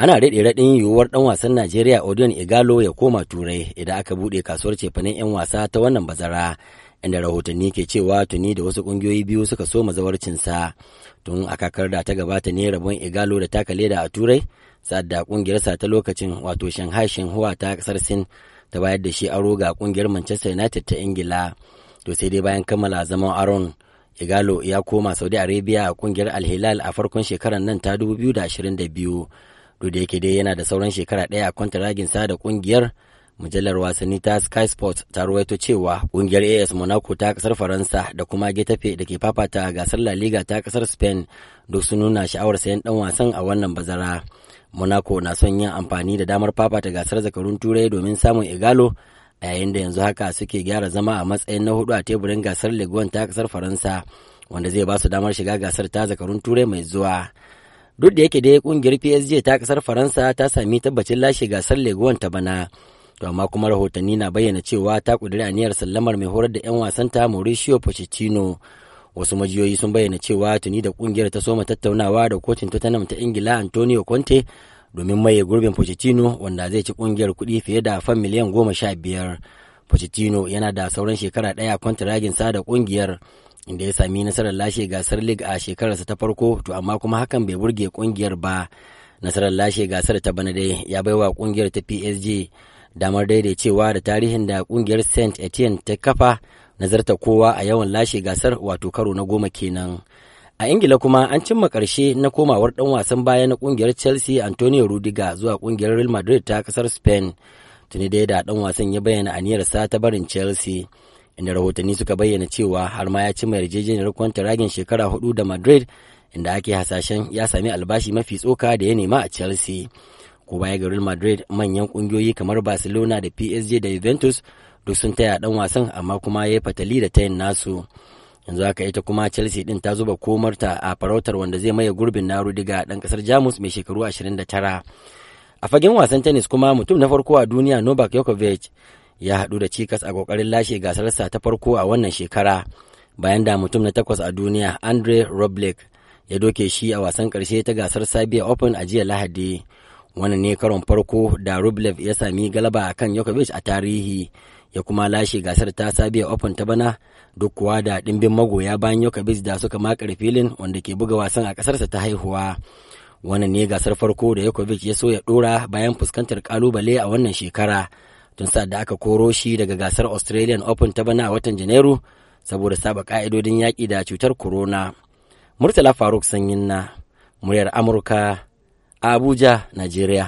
ana daɗe raɗin yiwuwar ɗan wasan najeriya odion igalo ya koma turai idan aka buɗe kasuwar cefanen 'yan wasa ta wannan bazara inda rahotanni ke cewa tuni da wasu ƙungiyoyi biyu suka so mazawarcinsa tun a kakar da ta gabata ne rabon igalo da taka leda a turai sa'ad da ƙungiyarsa ta lokacin wato shanghai shenhua ta ƙasar sin ta bayar da shi aro ga ƙungiyar manchester united ta ingila to sai dai bayan kammala zaman aron igalo ya koma saudi arabia a ƙungiyar alhilal a farkon shekarar nan ta da biyu. duk da yake dai yana da sauran shekara ɗaya a kwantaragin sa da kungiyar mujallar wasanni ta sky sports ta ruwaito cewa kungiyar as monaco ta kasar faransa da kuma getafe da ke fafata a gasar la liga ta kasar spain duk sun nuna sha'awar sayan dan wasan a wannan bazara monaco na son yin amfani da damar fafata gasar zakarun turai domin samun igalo a yayin da yanzu haka suke gyara zama a matsayin na hudu a teburin gasar leguan ta kasar faransa wanda zai ba su damar shiga gasar ta zakarun turai mai zuwa duk da yake dai kungiyar psg ta kasar faransa ta sami tabbacin lashe gasar leguwan ta bana to amma kuma rahotanni na bayyana cewa ta kudiri aniyar sallamar mai horar da 'yan wasan ta mauricio pochettino wasu majiyoyi sun bayyana cewa tuni da kungiyar ta soma tattaunawa da kocin tottenham ta ingila antonio conte domin maye gurbin pochettino wanda zai ci kungiyar kuɗi fiye da fan miliyan goma sha biyar pochettino yana da sauran shekara ɗaya kwantiragin sa da kungiyar inda ya sami nasarar lashe gasar league a shekararsa ta farko to amma kuma hakan bai burge kungiyar ba nasarar lashe gasar ta bana dai ya bai wa kungiyar ta psg damar daidaicewa da tarihin da kungiyar saint etienne ta kafa nazarta kowa a yawan lashe gasar wato karo na goma kenan a ingila kuma an cimma karshe na komawar dan wasan baya na kungiyar chelsea antonio Rudiger zuwa kungiyar real madrid ta kasar spain tuni dai da dan wasan ya bayyana aniyarsa ta barin chelsea inda rahotanni suka bayyana cewa har ma ya cimma yarjejeniyar kwanta ragin shekara hudu da madrid inda ake hasashen ya sami albashi mafi tsoka da ya nema a chelsea ko baya ga real madrid manyan kungiyoyi kamar barcelona da psg da juventus duk sun taya dan wasan amma kuma ya yi fatali da tayin nasu yanzu haka ita kuma chelsea din ta zuba komarta a farautar wanda zai maye gurbin na rudiga dan kasar jamus mai shekaru 29 a fagen wasan tennis kuma mutum na farko a duniya novak yokovic ya haɗu da cikas a ƙoƙarin lashe gasarsa ta farko a wannan shekara bayan da mutum na takwas a duniya andre roblek ya doke shi a wasan ƙarshe ta gasar sabia open a jiya lahadi wani ne karon farko da rublev ya sami galaba a kan yokovic a tarihi ya kuma lashe gasar ta sabiya open ta bana duk kuwa da ɗimbin magoya bayan yokovic da suka makare filin wanda ke buga wasan a ƙasarsa ta haihuwa wani ne gasar farko da yokovic ya so ya ɗora bayan fuskantar ƙalubale a wannan shekara tun sa da aka koro shi daga gasar Australian Open ta bana a watan Janairu saboda saba ka'idodin yaƙi da cutar corona. Murtala Faruk Sanyin na muryar Amurka, Abuja, Najeriya.